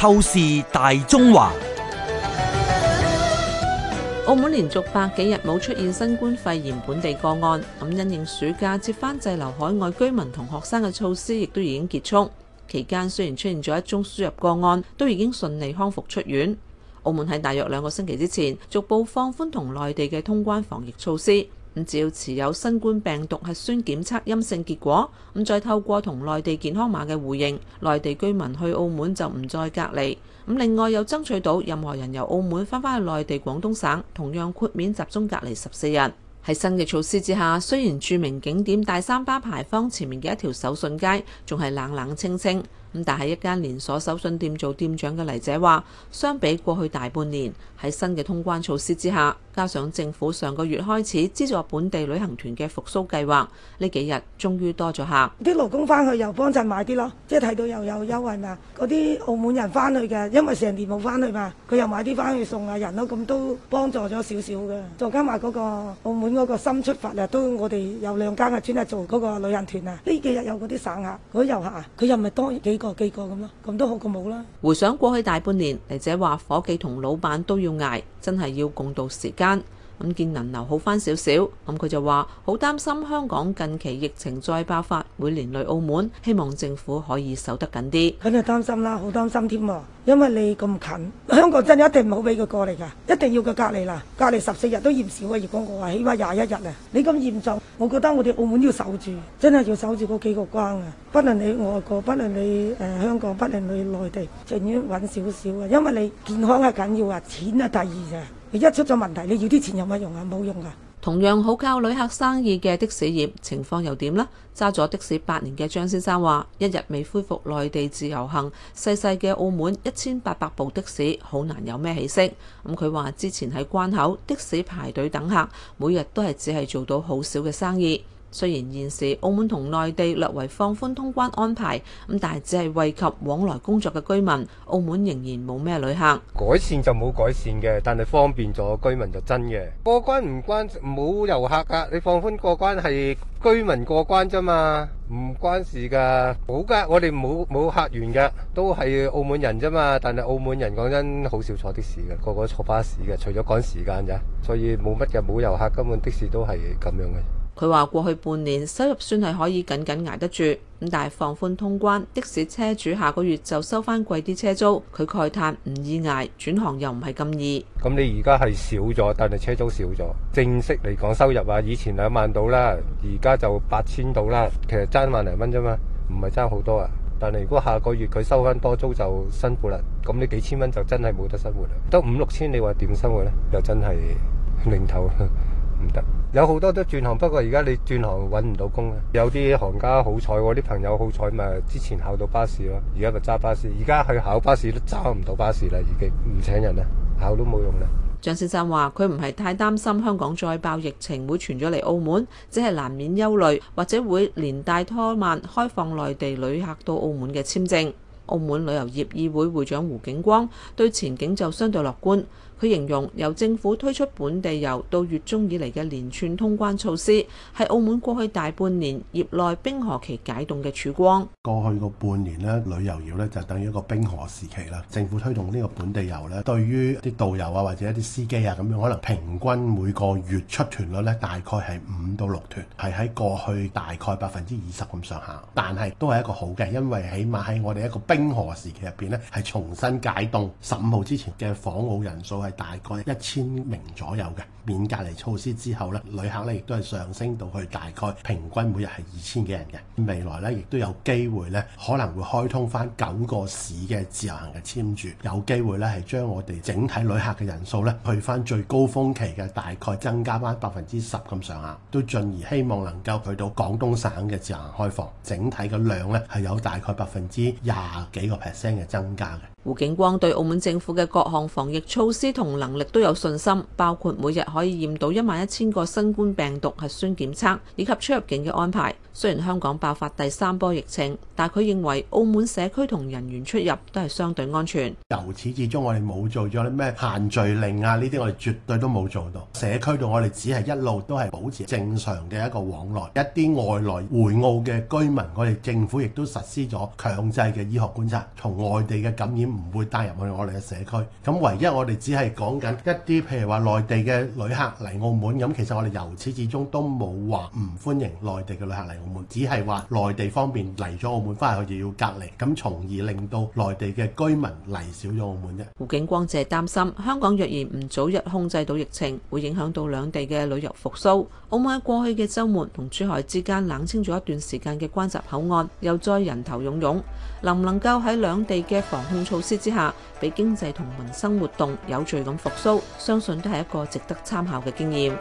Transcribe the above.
透視大中華，澳門連續百幾日冇出現新冠肺炎本地個案，咁因應暑假接翻滯留海外居民同學生嘅措施，亦都已經結束。期間雖然出現咗一宗輸入個案，都已經順利康復出院。澳門喺大約兩個星期之前逐步放寬同內地嘅通關防疫措施。只要持有新冠病毒核酸檢測陰性結果，咁再透過同內地健康碼嘅互認，內地居民去澳門就唔再隔離。咁另外又爭取到任何人由澳門翻返去內地廣東省，同樣豁免集中隔離十四日。喺新嘅措施之下，雖然著名景點大三巴牌坊前面嘅一條手信街仲係冷冷清清。咁但係一間連鎖手信店做店長嘅黎姐話，相比過去大半年，喺新嘅通關措施之下，加上政府上個月開始資助本地旅行團嘅復甦計劃，呢幾日終於多咗客。啲勞工翻去又幫襯買啲咯，即係睇到又有優惠嘛。嗰啲澳門人翻去嘅，因為成年冇翻去嘛，佢又買啲翻去送下人咯，咁都幫助咗少少嘅。再加埋嗰個澳門嗰個新出發啊，都我哋有兩間啊，專係做嗰個旅行團啊，呢幾日有嗰啲省客、嗰啲遊客啊，佢又唔係多幾？咁咯，咁都好過冇啦。回想過去大半年，嚟姐話伙計同老闆都要捱，真係要共度時艱。咁見人流好翻少少，咁佢就話好擔心香港近期疫情再爆發會連累澳門，希望政府可以守得緊啲。肯定擔心啦，好擔心添喎，因為你咁近，香港真係一定唔好俾佢過嚟噶，一定要佢隔離啦，隔離十四日都嫌少啊！如果我話起碼廿一日啊，你咁嚴重，我覺得我哋澳門要守住，真係要守住嗰幾個關啊！不論你外國，不論你誒香港，不論你內地，仲要搵少少啊！因為你健康係緊要啊，錢係第二啊。你一出咗問題，你要啲錢有乜用啊？冇用噶。同樣好靠旅客生意嘅的，的士業情況又點呢？揸咗的士八年嘅張先生話，一日未恢復內地自由行，細細嘅澳門一千八百部的士好難有咩起色。咁佢話之前喺關口的士排隊等客，每日都係只係做到好少嘅生意。雖然現時澳門同內地略為放寬通關安排，咁但係只係惠及往來工作嘅居民。澳門仍然冇咩旅客，改善就冇改善嘅，但係方便咗居民就真嘅。過關唔關冇遊客㗎。你放寬過關係居民過關啫嘛，唔關事㗎。冇㗎。我哋冇冇客源㗎，都係澳門人啫嘛。但係澳門人講真好少坐的士㗎，個個坐巴士㗎，除咗趕時間咋，所以冇乜嘅。冇遊客根本的士都係咁樣嘅。佢話：過去半年收入算係可以緊緊捱得住，咁但係放寬通關，的士車主下個月就收翻貴啲車租。佢慨嘆唔易捱，轉行又唔係咁易。咁你而家係少咗，但係車租少咗，正式嚟講收入啊，以前兩萬到啦，而家就八千到啦，其實爭萬零蚊啫嘛，唔係爭好多啊。但係如果下個月佢收翻多租就辛苦啦，咁你幾千蚊就真係冇得生活啦，得五六千你話點生活呢？又真係零頭。唔得，有好多都轉行，不過而家你轉行揾唔到工。有啲行家好彩，我啲朋友好彩咪之前考到巴士咯，而家咪揸巴士。而家去考巴士都揸唔到巴士啦，已經唔請人啦，考都冇用啦。張先生話：佢唔係太擔心香港再爆疫情會傳咗嚟澳門，只係難免憂慮，或者會連帶拖慢開放內地旅客到澳門嘅簽證。澳門旅遊業議會會會長胡景光對前景就相對樂觀。佢形容由政府推出本地遊到月中以嚟嘅連串通關措施，係澳門過去大半年業內冰河期解凍嘅曙光。過去個半年咧，旅遊業咧就等於一個冰河時期啦。政府推動呢個本地遊咧，對於啲導遊啊或者一啲司機啊咁樣，可能平均每個月出團率咧大概係五到六團，係喺過去大概百分之二十咁上下。但係都係一個好嘅，因為起碼喺我哋一個冰河時期入邊咧，係重新解凍。十五號之前嘅訪澳人數係。大概一千名左右嘅免隔離措施之後咧，旅客咧亦都係上升到去大概平均每日係二千幾人嘅。未來咧亦都有機會咧，可能會開通翻九個市嘅自由行嘅簽注，有機會咧係將我哋整體旅客嘅人數咧，去翻最高峰期嘅大概增加翻百分之十咁上下，都進而希望能夠去到廣東省嘅自由行開放，整體嘅量咧係有大概百分之廿幾個 percent 嘅增加嘅。胡景光對澳門政府嘅各項防疫措施，同能力都有信心，包括每日可以驗到一萬一千個新冠病毒核酸檢測以及出入境嘅安排。雖然香港爆發第三波疫情，但佢認為澳門社區同人員出入都係相對安全。由始至終，我哋冇做咗咩限聚令啊，呢啲我哋絕對都冇做到。社區度我哋只係一路都係保持正常嘅一個往來。一啲外來回澳嘅居民，我哋政府亦都實施咗強制嘅醫學觀察，從外地嘅感染唔會帶入去我哋嘅社區。咁唯一我哋只係。講緊一啲譬如話內地嘅旅客嚟澳門，咁其實我哋由始至終都冇話唔歡迎內地嘅旅客嚟澳門，只係話內地方面嚟咗澳門返去，佢就要隔離，咁從而令到內地嘅居民嚟少咗澳門啫。胡景光借擔心，香港若然唔早日控制到疫情，會影響到兩地嘅旅遊復甦。澳門喺過去嘅週末同珠海之間冷清咗一段時間嘅關閘口岸，又再人頭湧湧，能唔能夠喺兩地嘅防控措施之下，俾經濟同民生活動有助？咁復甦相信都係一個值得參考嘅經驗。